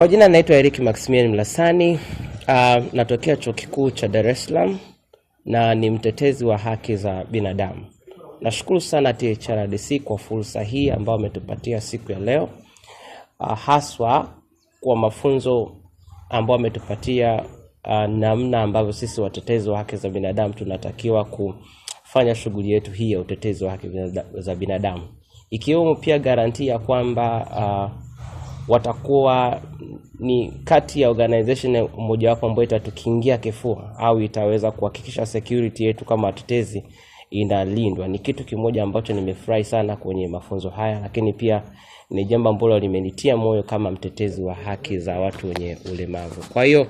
Kwa jina naitwa Eric Maximian Mlasani. Uh, natokea chuo kikuu cha Dar es Salaam na ni mtetezi wa haki za binadamu. Nashukuru sana THRDC kwa fursa hii ambayo ametupatia siku ya leo, uh, haswa kwa mafunzo ambayo ametupatia uh, namna ambavyo sisi watetezi wa haki za binadamu tunatakiwa kufanya shughuli yetu hii ya utetezi wa haki za binadamu ikiwemo pia garantia kwamba uh, watakuwa ni kati ya organization wapo ambayo itatukiingia kifua au itaweza kuhakikisha security yetu kama watetezi inalindwa. Ni kitu kimoja ambacho nimefurahi sana kwenye mafunzo haya, lakini pia ni jambo ambalo limenitia moyo kama mtetezi wa haki za watu wenye ulemavu. Kwa hiyo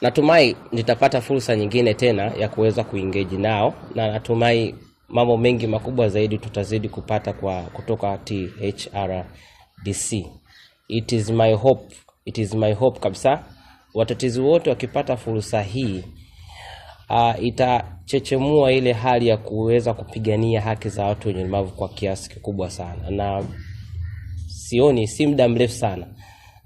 natumai nitapata fursa nyingine tena ya kuweza kuingeji nao, na natumai mambo mengi makubwa zaidi tutazidi kupata kwa kutoka THRDC. It is my hope, it is my hope kabisa, watetezi wote wakipata fursa hii uh, itachechemua ile hali ya kuweza kupigania haki za watu wenye ulemavu kwa kiasi kikubwa sana, na sioni si muda mrefu sana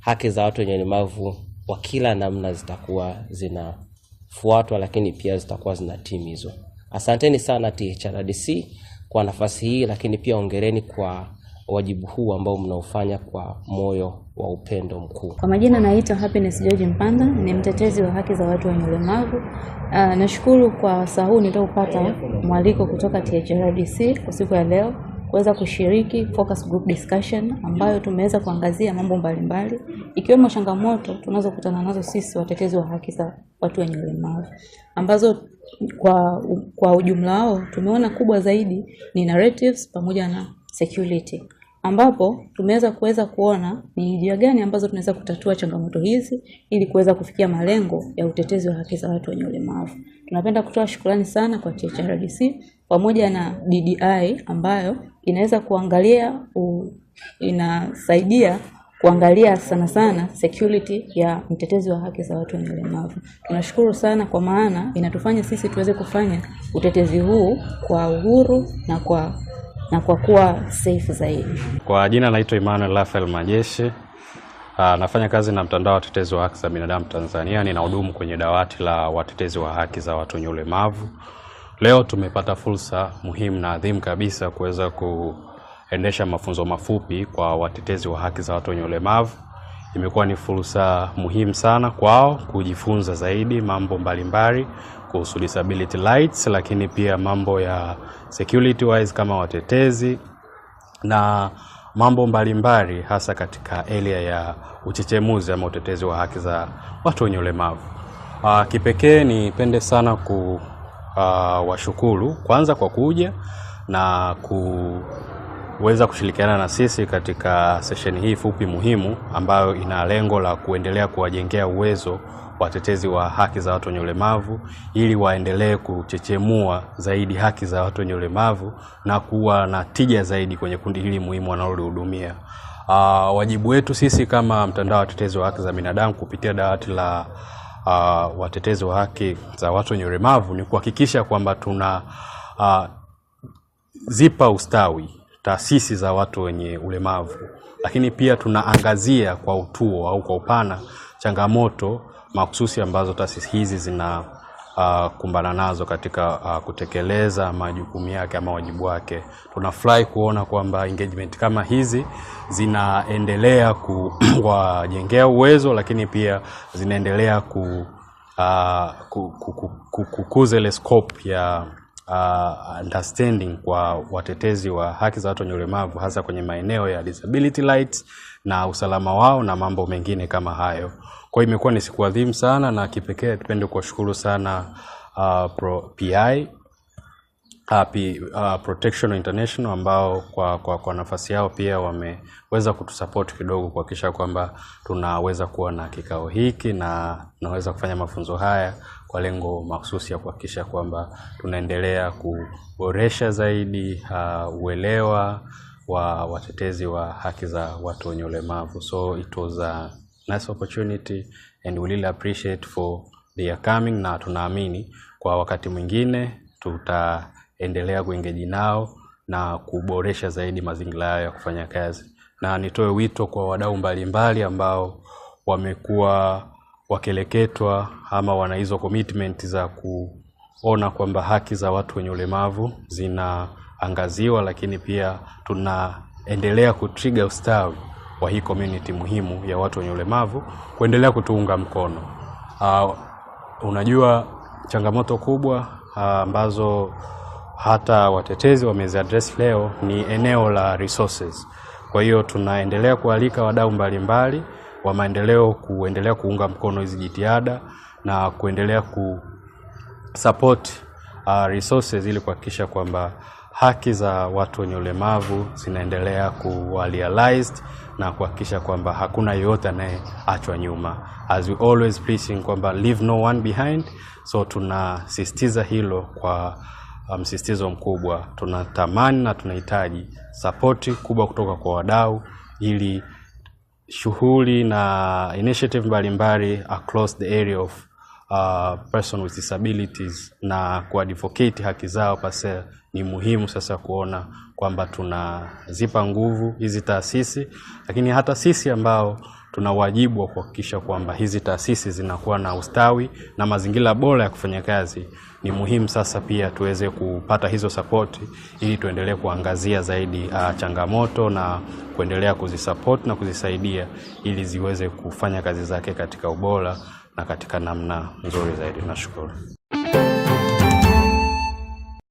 haki za watu wenye ulemavu wa kila namna zitakuwa zinafuatwa, lakini pia zitakuwa zinatimizwa. Asanteni sana THRDC kwa nafasi hii, lakini pia ongereni kwa wajibu huu ambao mnaofanya kwa moyo wa upendo mkuu. Kwa majina naitwa Happiness George Mpanda, ni mtetezi wa haki za watu wenye ulemavu. Ah, nashukuru kwa wasaa huu mwaliko kutoka THRDC kwa siku ya leo kuweza kushiriki focus group discussion ambayo tumeweza kuangazia mambo mbalimbali ikiwemo changamoto tunazokutana nazo sisi watetezi wa haki za watu wenye ulemavu ambazo kwa, kwa ujumla wao tumeona kubwa zaidi ni narratives pamoja na security ambapo tumeweza kuweza kuona ni njia gani ambazo tunaweza kutatua changamoto hizi ili kuweza kufikia malengo ya utetezi wa haki za watu wenye ulemavu. Tunapenda kutoa shukrani sana kwa THRDC pamoja na ddi ambayo inaweza kuangalia u, inasaidia kuangalia sana sana security ya mtetezi wa haki za watu wenye ulemavu. Tunashukuru sana kwa maana inatufanya sisi tuweze kufanya utetezi huu kwa uhuru na kwa na kwa kuwa safe zaidi. Kwa jina naitwa Emmanuel Rafael majeshi Uh, ah, nafanya kazi na mtandao wa watetezi wa haki za binadamu Tanzania. Ninahudumu kwenye dawati la watetezi wa haki za watu wenye ulemavu. Leo tumepata fursa muhimu na adhimu kabisa kuweza kuendesha mafunzo mafupi kwa watetezi wa haki za watu wenye ulemavu imekuwa ni fursa muhimu sana kwao kujifunza zaidi mambo mbalimbali kuhusu disability rights, lakini pia mambo ya security wise kama watetezi na mambo mbalimbali hasa katika area ya uchechemuzi ama utetezi wa haki za watu wenye ulemavu. Ah, kipekee nipende sana ku ah, washukuru kwanza kwa kuja na ku kuweza kushirikiana na sisi katika sesheni hii fupi muhimu ambayo ina lengo la kuendelea kuwajengea uwezo watetezi wa haki za watu wenye ulemavu ili waendelee kuchechemua zaidi haki za watu wenye ulemavu na kuwa na tija zaidi kwenye kundi hili muhimu wanalolihudumia. Uh, wajibu wetu sisi kama mtandao wa watetezi wa haki za binadamu kupitia dawati la uh, watetezi wa haki za watu wenye ulemavu ni kuhakikisha kwamba tuna uh, zipa ustawi taasisi za watu wenye ulemavu, lakini pia tunaangazia kwa utuo au kwa upana changamoto mahususi ambazo taasisi hizi zina uh, kumbana nazo katika uh, kutekeleza majukumu yake ama wajibu wake. Tunafurahi kuona kwamba engagement kama hizi zinaendelea kuwajengea uwezo, lakini pia zinaendelea ku, uh, ku, ku, ku, ku, kukuza ile scope ya uh, understanding kwa watetezi wa haki za watu wenye ulemavu hasa kwenye maeneo ya disability rights na usalama wao na mambo mengine kama hayo. Kwa hiyo imekuwa ni siku adhimu sana na kipekee, tupende kuwashukuru sana uh, pro PI Happy, uh, ah, Protection International ambao kwa, kwa, kwa nafasi yao pia wameweza kutusupport kidogo kuhakikisha kwamba tunaweza kuwa na kikao hiki na tunaweza kufanya mafunzo haya kwa lengo mahususi ya kuhakikisha kwamba tunaendelea kuboresha zaidi uh, uelewa wa watetezi wa haki za watu wenye ulemavu. So it was a nice opportunity and we really appreciate for their coming, na tunaamini kwa wakati mwingine tuta endelea kuengeji nao na kuboresha zaidi mazingira yao ya kufanya kazi, na nitoe wito kwa wadau mbalimbali ambao wamekuwa wakeleketwa ama wana hizo commitment za kuona kwamba haki za watu wenye ulemavu zinaangaziwa, lakini pia tunaendelea kutriga ustawi wa hii community muhimu ya watu wenye ulemavu kuendelea kutuunga mkono. Uh, unajua changamoto kubwa ah, ambazo uh, hata watetezi wameziadress leo ni eneo la resources. Kwa hiyo tunaendelea kualika wadau mbalimbali wa maendeleo kuendelea kuunga mkono hizi jitihada na kuendelea support uh, resources ili kuhakikisha kwamba haki za watu wenye ulemavu zinaendelea kuwa realized na kuhakikisha kwamba hakuna yeyote anayeachwa nyuma, as we always preaching kwamba leave no one behind. So tunasisitiza hilo kwa Uh, msisitizo mkubwa. Tunatamani na tunahitaji sapoti kubwa kutoka kwa wadau ili shughuli na initiative mbalimbali across the area of uh, person with disabilities na kuadvocate haki zao pasa ni muhimu sasa kuona kwamba tunazipa nguvu hizi taasisi, lakini hata sisi ambao tuna wajibu wa kuhakikisha kwamba hizi taasisi zinakuwa na ustawi na mazingira bora ya kufanya kazi. Ni muhimu sasa pia tuweze kupata hizo sapoti ili tuendelee kuangazia zaidi uh, changamoto na kuendelea kuzisapoti na kuzisaidia ili ziweze kufanya kazi zake katika ubora na katika namna nzuri zaidi. Nashukuru.